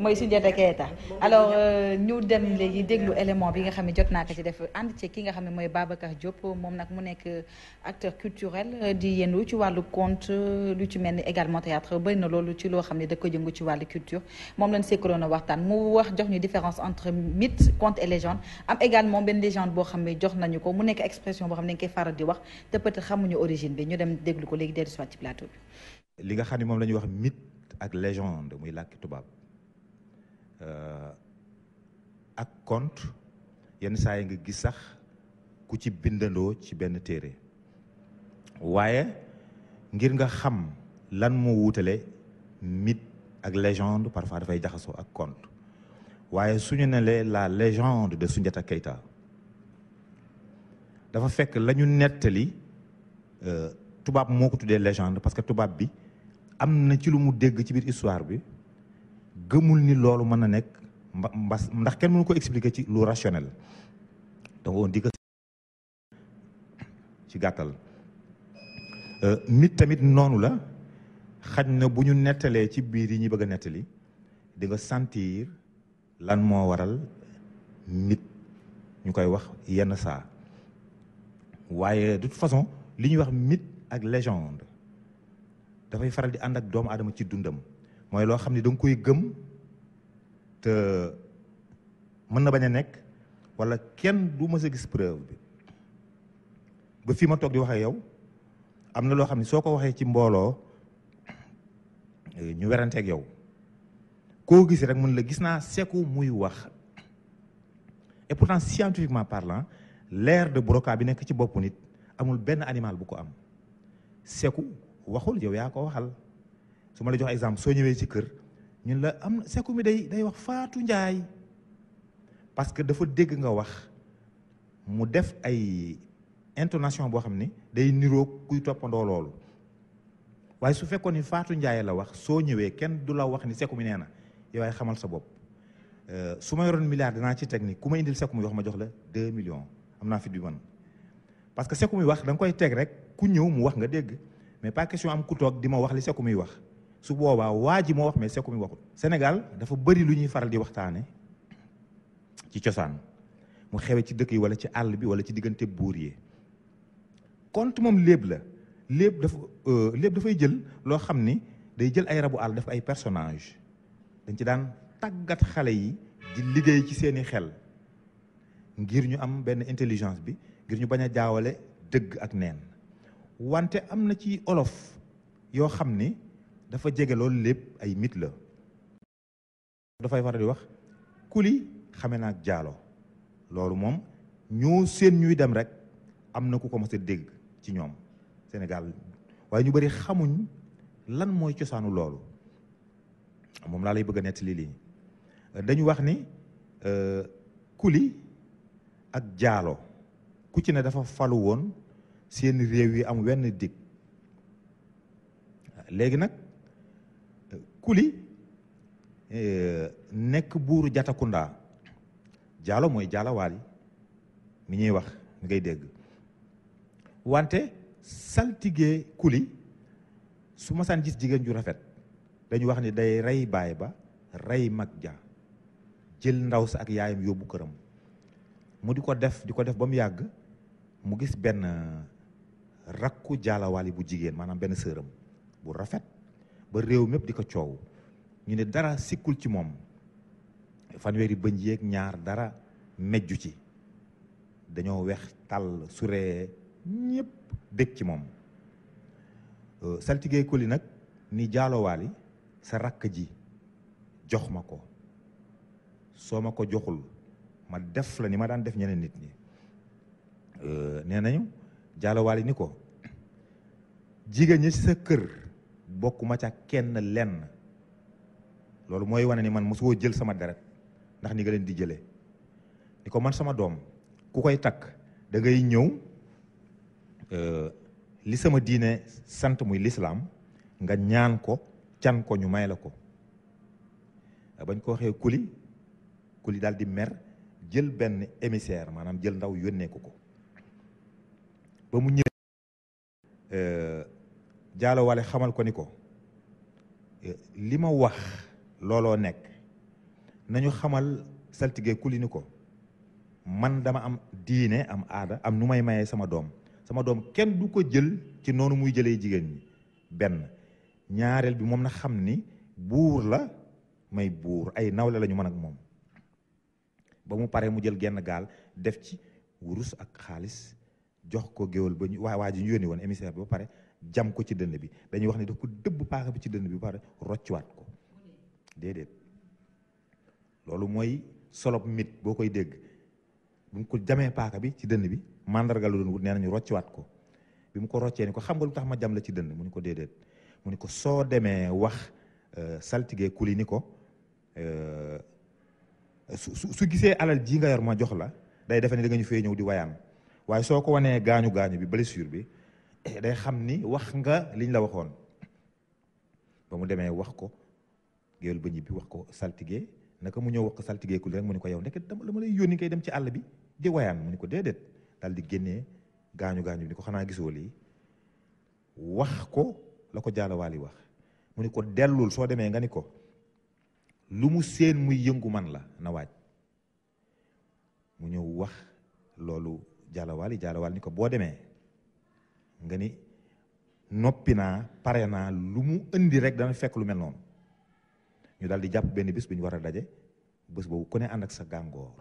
mooy su Soundiata Keita alors euh, ñu dem léegi déglu élément bi nga xam ne jot naa ko ci def ànd ki nga xam ne mooy Babacar Diop moom nag mu nekk acteur culturel euh, di yendu ci wàllu conte euh, lu ci mel ni également théâtre bëri na loolu ci loo xam ne da ko jëngu ci wàllu moom lañ sekkaloon a waxtaan mu wax jox ñu différence entre mythe conte et légende am également benn légende boo xam jox nañu ko mu nekk expression boo xam ne dañ koy faral di wax te peut-être bi ñu dem déglu ko léegi dellu si waat li nga xam ne moom la ñuy wax mythe ak légende muy làkki tubaab. Euh, ak compte yenn saa yi nga gis sax ku ci bindandoo ci benn téere waaye ngir nga xam lan moo wuutale mythe ak légende parfois dafay jaxasoo ak conte waaye suñu ne lee la légende de Soundiata Keita dafa fekk lañu ñu nettali euh, tubaab moo ko tuddee légende parce que tubaab bi am na ci lu mu dégg ci biir histoire bi gëmul ni loolu mën na nekk mba mbas ndax kenn mënu ko expliquer ci lu rationnel donc on dit ci gàttal euh, nit tamit noonu la xaj na bu ñu nettalee ci biir yi ñu bëgg nettali dinga nga sentir lan moo waral nit ñu koy wax yenn saa waaye de toute façon li ñuy wax mythe ak légende dafay faral di ànd ak doomu aadama ci dundam mooy loo xam ne danga koy gëm te mën na bañ a nekk wala kenn du mës a gis preuve bi ba fi ma toog di waxee ak yow am na loo xam ne soo ko waxee ci mbooloo ñu weranteeg yow koo gis rek mën la gis naa seku muy wax et pourtant scientifiquement parlant l'aire de Broca bi nekk ci boppu nit amul benn animal bu ko am seku waxul yow yaa ko waxal su ma la jox exemple soo ñëwee ci kër ñun la am seku mi day day wax Faatu Njaay parce que dafa dégg nga wax mu def ay intonation boo xam ni day niroo kuy toppandoo loolu waaye su fekkoon ni Faatu Njaay la wax soo ñëwee kenn du la wax ni seku mi nee na yow xamal sa bopp euh, su ma yoroon milliard dinaa ci technique ku ma indil seku mi wax ma jox la deux millions am naa fi du man parce que seku mi wax da nga koy teg rek ku ñëw mu wax nga dégg mais pas question am ku toog di ma wax li seku muy wax su boobaa waa ji moo wax mais sekku mi waxul Sénégal dafa bëri lu ñuy faral di waxtaane ci cosaan mu xewe ci dëkk yi wala ci àll bi wala ci diggante buur yi compte moom léeb la léeb dafa euh, léeb dafay jël loo xam ni day jël ay rabu àll def ay personnage dañ ci daan tàggat xale yi di liggéey ci seeni xel ngir ñu am benn intelligence bi ngir ñu bañ a jaawale dëgg ak neen wante am na ci olof yoo xam ni dafa jege loolu lépp ay mit la dafay faral di wax kuli xame naa jaalo loolu moom ñoo seen ñuy dem rek am na ku ko commencé dégg ci ñoom Sénégal waaye ñu bari xamuñ lan mooy cosaanu loolu moom laa lay bëgg a nettali lii dañu wax ni euh, kuli ak jaalo ku ci ne dafa falu woon seen réew yi am wenn dig léegi nag kuli eh, nekk buuru Jatakunda jaalo mooy jaalawaal yi ñuy wax ngay dégg wante saltige kuli su masaan gis jigéen ju rafet dañu wax ni day rey baay ba rey mag ja jël ndaw sa ak yaayam yóbbu këram mu di ko def di ko def ba mu yàgg mu gis benn rakku jaalawaal bu jigéen maanaam benn sëram bu rafet ba réew mépp di ko coow ñu ne dara sikkul ci moom fanweeri bëñ yéeg ñaar dara mejju ci dañoo wex tàll sure ñëpp dëkk ci moom euh, saltige li nag ni jaalowaali sa rakk ji jox ma ko soo ma ko joxul ma def la ni ma daan def ñeneen nit ñi euh, nee nañu jaalowaali ni ko jigéen ñi ci sa kër bokkuma ca kenn lenn loolu mooy wane ni man mosuwoo jël sama deret ndax ni nga leen di jëlee ni ko man sama doom ku koy takk da ngay ñëw euh, li sama diine sant muy lislaam nga ñaan ko can ko ñu may la ko bañ ko waxee kuli kuli daal di mer jël benn émissaire maanaam jël ndaw yónnee ko ko ba mu ñëwee euh, Diallo Wale xamal ko ni ko eh, li ma wax looloo nekk nañu xamal saltige kuli ni ko man dama am diine am aada am nu may maye sama doom sama doom kenn du ko jël ci noonu muy jëlee jigéen ñi benn ñaareel bi moom na xam ni buur la may buur ay nawle la ñu mën ak moom ba mu paree mu jël genn gaal def ci wurus ak xaalis jox ko géwél ba ñu waa waa ji ñu yónni woon émissaire bi ba pare jam ko ci dënn bi dañuy wax ne daf ko dëbb paaka bi ci dënn bi ba pare roccuwaat ko déedéet loolu mooy solob mit boo koy dégg bu mu ko jamee paaka bi ci dënn bi màndarga la doon wut nee nañu roccuwaat ko bi mu ko roccee ni ko xam nga lu tax ma jam la ci dënn mu ni ko déedéet mu nu ko soo demee wax euh, saltige kuli ni ko euh, su su gisee alal ji nga yor ma jox la day defe ne da ñu fee ñëw di wayaan waaye soo ko wanee gaañu gaañu bi blessure bi day xam ni wax nga liñ la waxoon ba mu demee wax ko géwél ba ñibbi wax ko saltige naka mu ñëw wax ko saltige ku li rek mu ne ko yow nekk dama lay yónni kay dem ci àll bi di wayaan mu ko déedéet daal di génnee gaañu gaañu bi ni ko xanaa gisoo lii wax ko la ko jaalawaali wax mu ni ko dellul soo demee nga ni ko lu mu seen muy yëngu man la na waaj mu ñëw wax loolu jaalawaali jaalawaali ni ko boo demee nga ni noppi naa pare naa lu mu indi rek dana fekk lu mel noonu ñu daal di jàpp benn bés bu ñu war a daje bés boobu ku ne ànd ak sa gàngoor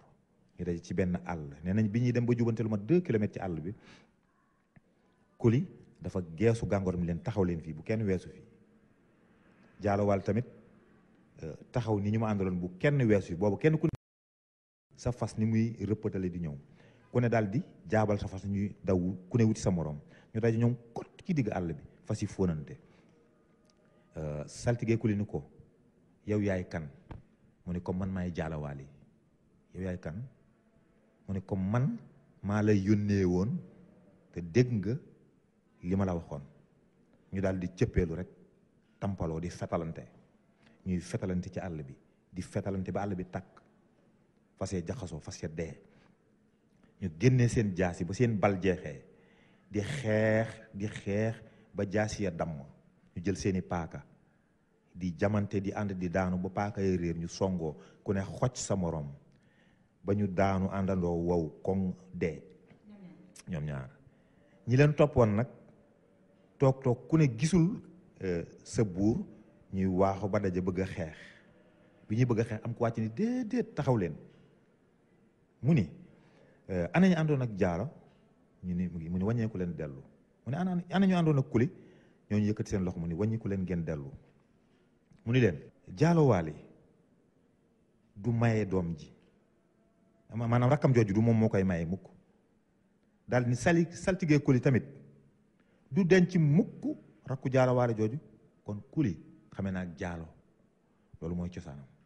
ñu daje ci benn àll nee nañ bi ñuy dem ba jubante lu ma deux ci àll bi kuli dafa geesu gàngoor mi leen taxaw leen fii bu kenn weesu fii jaalowaal tamit euh, taxaw ni ñu ma àndaloon bu kenn weesu fii boobu kenn ku ne sa fas ni muy rëppatale di ñëw ku ne daal di jaabal sa fas ñuy daw ku ne wuti sa moroom ñu daje ñoom kot ci digg àll bi fas yi fóonante euh, saltige ku li ni ko yow yaay kan mu ne ko man maay jaalawaale yow yaay kan mu ne comme man maa lay yónnee woon te dégg nga li ma la waxoon ñu daal di cëppeelu rek tampaloo di fetalante ñuy fetalante ci àll bi di fetalante ba àll bi tàkk fas jaxasoo fas yee dee ñu génnee seen jaasi ba seen bal jeexee di xeex di xeex ba jaas ya damm ñu jël seeni paaka di jamante di ànd di daanu ba paaka ya réer ñu songoo ku ne xocc sa morom ba ñu daanu àndandoo wow koŋ dee ñoom ñaar ñi leen toppoon nag toog toog ku ne gisul euh, sa buur ñuy waaxu ba daje bëgg xeex bi ñuy bëgg a xeex am ku wàcc ni déedéet taxaw leen mu ni euh, anañu àndoon ak jaaro ñu ni mu ngi mu ni wàññeeku leen dellu mu ne ana ana ñu àndoon ak kuli ñooñu yëkkati seen loxo mu ni wàññeeku leen ngeen dellu mu ni leen jaalowaale du maye doom ji maanaam rakkam jooju du moom moo koy maye mukk daal ni sali saltigee kuli tamit du denc mukk rakku jaalowaale jooju kon kuli xame naa jaalo loolu mooy cosaanam